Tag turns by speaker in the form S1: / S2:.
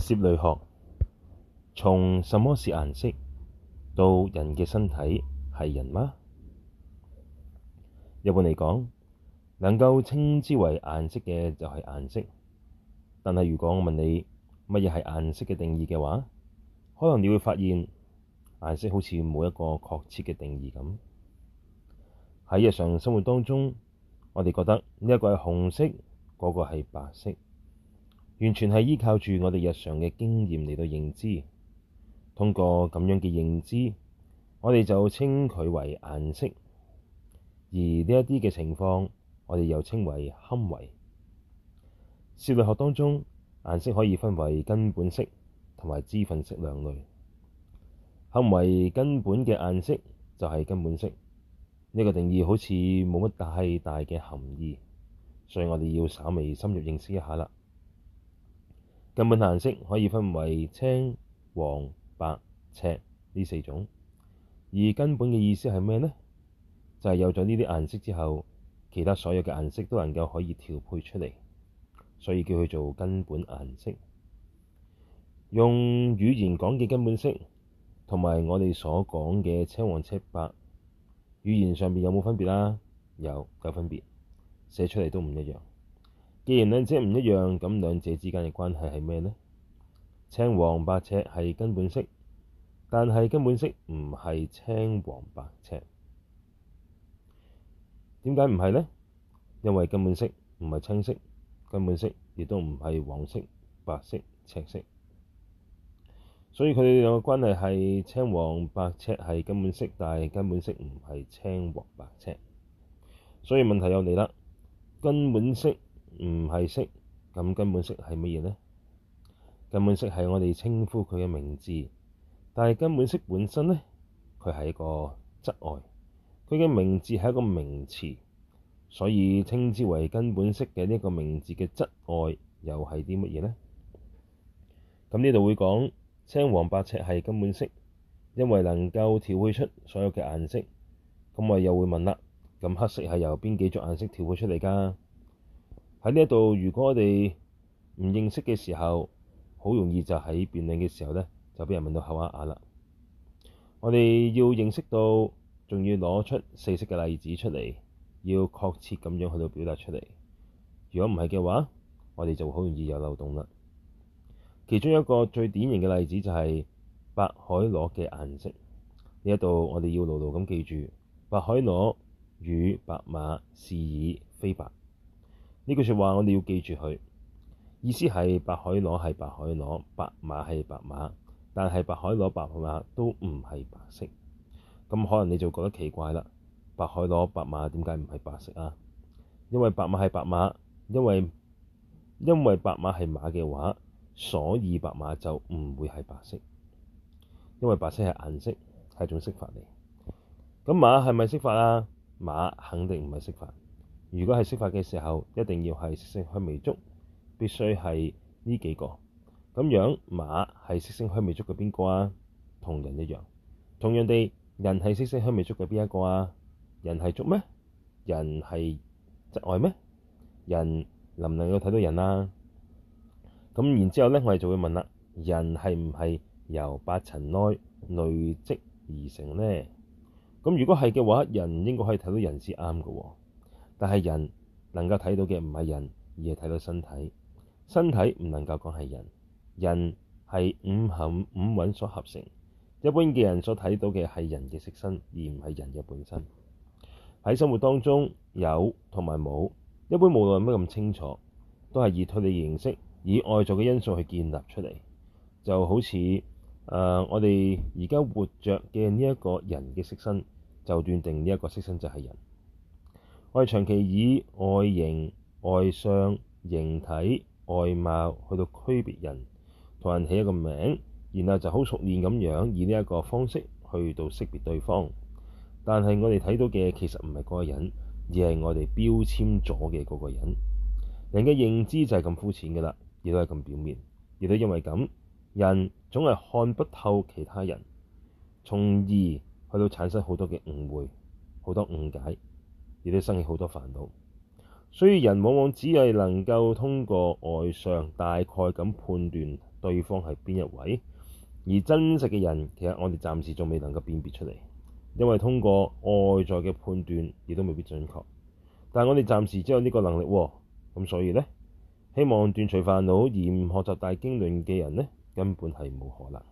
S1: 攝類學，從什麼是顏色？到人嘅身體係人嗎？一般嚟講，能夠稱之為顏色嘅就係顏色。但係如果我問你乜嘢係顏色嘅定義嘅話，可能你會發現顏色好似冇一個確切嘅定義咁。喺日常生活當中，我哋覺得呢一個係紅色，嗰個係白色。完全係依靠住我哋日常嘅經驗嚟到認知，通過咁樣嘅認知，我哋就稱佢為顏色。而呢一啲嘅情況，我哋又稱為堪為。攝類學當中，顏色可以分為根本色同埋支分色兩類。堪為根本嘅顏色就係根本色。呢個定義，好似冇乜太大嘅含義，所以我哋要稍微深入認識一下啦。根本顏色可以分為青、黃、白、赤呢四種，而根本嘅意思係咩呢？就係有咗呢啲顏色之後，其他所有嘅顏色都能夠可以調配出嚟，所以叫佢做根本顏色。用語言講嘅根本色，同埋我哋所講嘅青、黃、赤、白，語言上面有冇分別啦？有有分別，寫出嚟都唔一樣。既然兩者唔一樣，咁兩者之間嘅關係係咩呢？青黃白赤係根本色，但係根本色唔係青黃白赤。點解唔係呢？因為根本色唔係青色，根本色亦都唔係黃色、白色、赤色。所以佢哋兩個關係係青黃白赤係根本色，但係根本色唔係青黃白赤。所以問題又嚟啦，根本色.唔係色，咁根本色係乜嘢呢？根本色係我哋稱呼佢嘅名字，但係根本色本身呢，佢係一個質礙，佢嘅名字係一個名詞，所以稱之為根本色嘅呢個名字嘅質礙又係啲乜嘢呢？咁呢度會講青黃白赤係根本色，因為能夠調配出所有嘅顏色，咁我又會問啦，咁黑色係由邊幾種顏色調配出嚟噶？喺呢一度，如果我哋唔認識嘅時候，好容易就喺辯論嘅時候咧，就俾人問到口啞啞啦。我哋要認識到，仲要攞出四色嘅例子出嚟，要確切咁樣去到表達出嚟。如果唔係嘅話，我哋就好容易有漏洞啦。其中一個最典型嘅例子就係白海螺嘅顏色。呢一度我哋要牢牢咁記住，白海螺與白馬是爾非白。呢句說話我哋要記住佢，意思係白海螺係白海螺，白馬係白馬，但係白海螺、白馬都唔係白色。咁可能你就覺得奇怪啦，白海螺、白馬點解唔係白色啊？因為白馬係白馬，因為因為白馬係馬嘅話，所以白馬就唔會係白色。因為白色係顏色，係種色法嚟。咁馬係咪色法啊？馬肯定唔係色法。如果係色法嘅時候，一定要係色聲香味觸，必須係呢幾個。咁樣，馬係色聲香味觸嘅邊個啊？同人一樣，同樣地人係色聲香味觸嘅邊一個啊？人係觸咩？人係質礙咩？人能唔能夠睇到人啊？咁然之後咧，我哋就會問啦：人係唔係由八塵內累積而成咧？咁如果係嘅話，人應該可以睇到人先啱嘅喎。但係人能夠睇到嘅唔係人，而係睇到身體。身體唔能夠講係人，人係五含五蘊所合成。一般嘅人所睇到嘅係人嘅色身，而唔係人嘅本身。喺生活當中有同埋冇，一般冇論乜咁清楚，都係以推理形式，以外在嘅因素去建立出嚟。就好似、呃、我哋而家活着嘅呢一個人嘅色身，就斷定呢一個色身就係人。我哋長期以外形、外相、形體、外貌去到區別人，同人起一個名，然後就好熟練咁樣以呢一個方式去到識別對方。但係我哋睇到嘅其實唔係嗰個人，而係我哋標籤咗嘅嗰個人。人嘅認知就係咁膚淺嘅啦，亦都係咁表面，亦都因為咁，人總係看不透其他人，從而去到產生好多嘅誤會、好多誤解。亦都生起好多煩惱。所以人往往只係能夠通過外相大概咁判斷對方係邊一位，而真實嘅人其實我哋暫時仲未能夠辨別出嚟，因為通過外在嘅判斷亦都未必準確。但係我哋暫時只有呢個能力，咁所以呢，希望斷除煩惱而唔學習大經論嘅人呢，根本係冇可能。